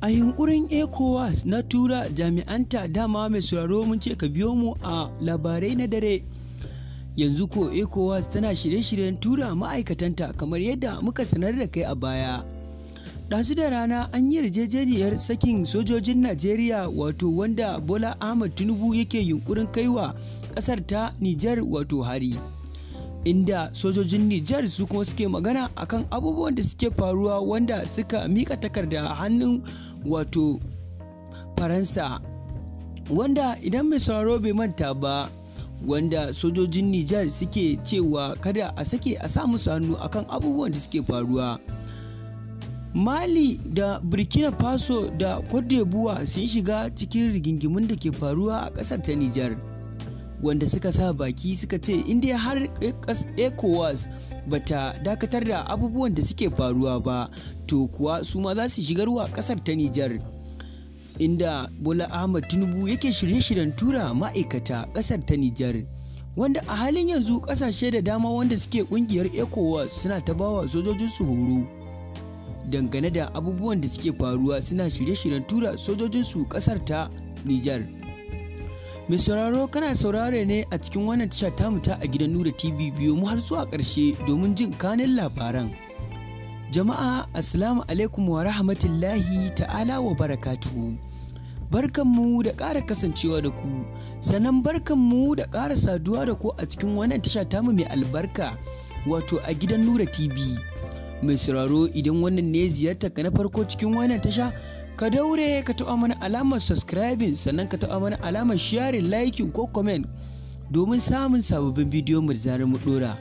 a yunkurin ecowas na tura jami'anta dama mai sauraro mun ce ka biyo mu a labarai na dare yanzu ko ecowas tana shirye-shiryen tura ma'aikatanta kamar yadda muka sanar da kai a baya ɗazu da rana an yi yarjejeniyar sakin sojojin najeriya wato wanda bola ahmad tinubu yake yunkurin kaiwa ƙasar ta nijar wato hari inda sojojin Nijar su kuma suke magana akan abubuwan da suke faruwa wanda suka mika takarda hannun wato faransa wanda idan mai sauraro bai manta ba wanda sojojin Nijar suke cewa kada a sake a sa musu hannu akan abubuwan da suke faruwa. Mali da Burkina Faso da Cote d'Ivoire sun shiga cikin rigingimun da ke faruwa a ƙasar ta Nijar. wanda suka sa baki suka ce indiya har ecowas bata dakatar da abubuwan da suke faruwa ba to kuwa su ma za su shigarwa kasar ta nijar inda bola ahmad tinubu yake shirye-shiryen tura ma'aikata kasar ta nijar wanda a halin yanzu kasashe da dama wanda suke kungiyar ecowas suna ta bawa sojojinsu horo dangane da abubuwan da suke faruwa suna shirye-shiryen tura sojojinsu kasar ta nijar Mai sauraro kana saurare ne a cikin wannan tasha tamu ta a gidan Nura TV biyu mu har zuwa ƙarshe domin jin kanin labaran. Jama'a Assalamu alaikum wa rahmatullahi ta'ala wa barakatuhu. Barkanmu da ƙara kasancewa da ku, sannan barkanmu da ƙara saduwa da ku a cikin wannan tasha mu mai albarka wato a gidan Nura TV. Mai sauraro idan wannan ne ziyarta ka na farko cikin wannan tasha ka daure ka taɓa mana alamar subscribing sannan ka taɓa mana alamar sharing liking ko comment domin samun sababbin bidiyo mu da mu dora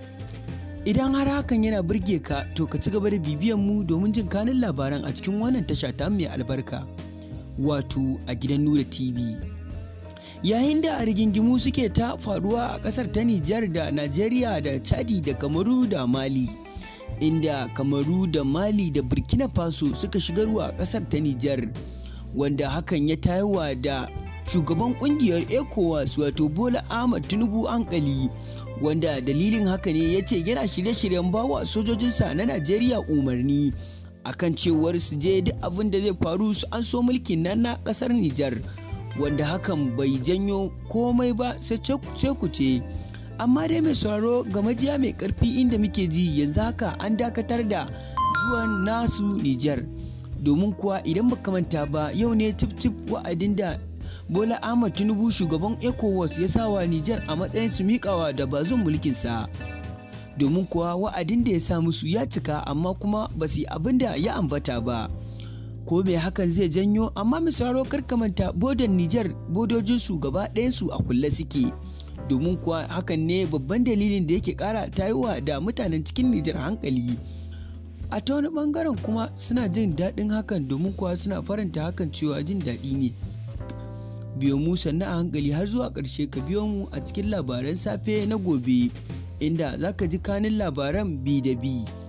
idan har hakan yana burge ka to ka ci gaba da bibiyan mu domin jin kanin labaran a cikin wannan tasha ta mai albarka wato a gidan nura tv yayin da a rigingimu suke ta faruwa a kasar ta Nijar da Najeriya da Chadi da Kamaru da Mali. inda kamaru da mali da burkina faso suka shigarwa kasar ta nijar wanda hakan ya tayowa da shugaban kungiyar ecowas wato bola ahmad tinubu hankali wanda dalilin haka ne ya ce yana shirye-shiryen bawa sojojinsa na najeriya umarni akan cewar su je duk abin da zai faru su an so mulkin nan na kasar nijar wanda hakan bai janyo komai ba sai ku ce amma dai mai sauraro ga majiya mai karfi inda muke ji yanzu haka an dakatar da zuwan nasu Nijar domin kuwa idan baka manta ba yau ne cip cip wa'adin da Bola Ahmad Tinubu shugaban ECOWAS ya sawa Nijar a matsayin su miƙawa da bazon mulkinsa. Domin kuwa wa'adin da ya sa musu ya cika amma kuma ba su abin da ya ambata ba. Ko me hakan zai janyo amma misaro karkamanta bodan Nijar bodojinsu gaba su a kulle suke. domin kuwa hakan ne babban dalilin da yake kara tayowa da mutanen cikin nijar hankali a ta wani bangaren kuma suna jin daɗin hakan domin kuwa suna faranta hakan cewa jin daɗi ne biyo mu sannan a hankali har zuwa ƙarshe ka biyo mu a cikin labaran safe na gobe inda za ka ji kanin labaran bi da bi.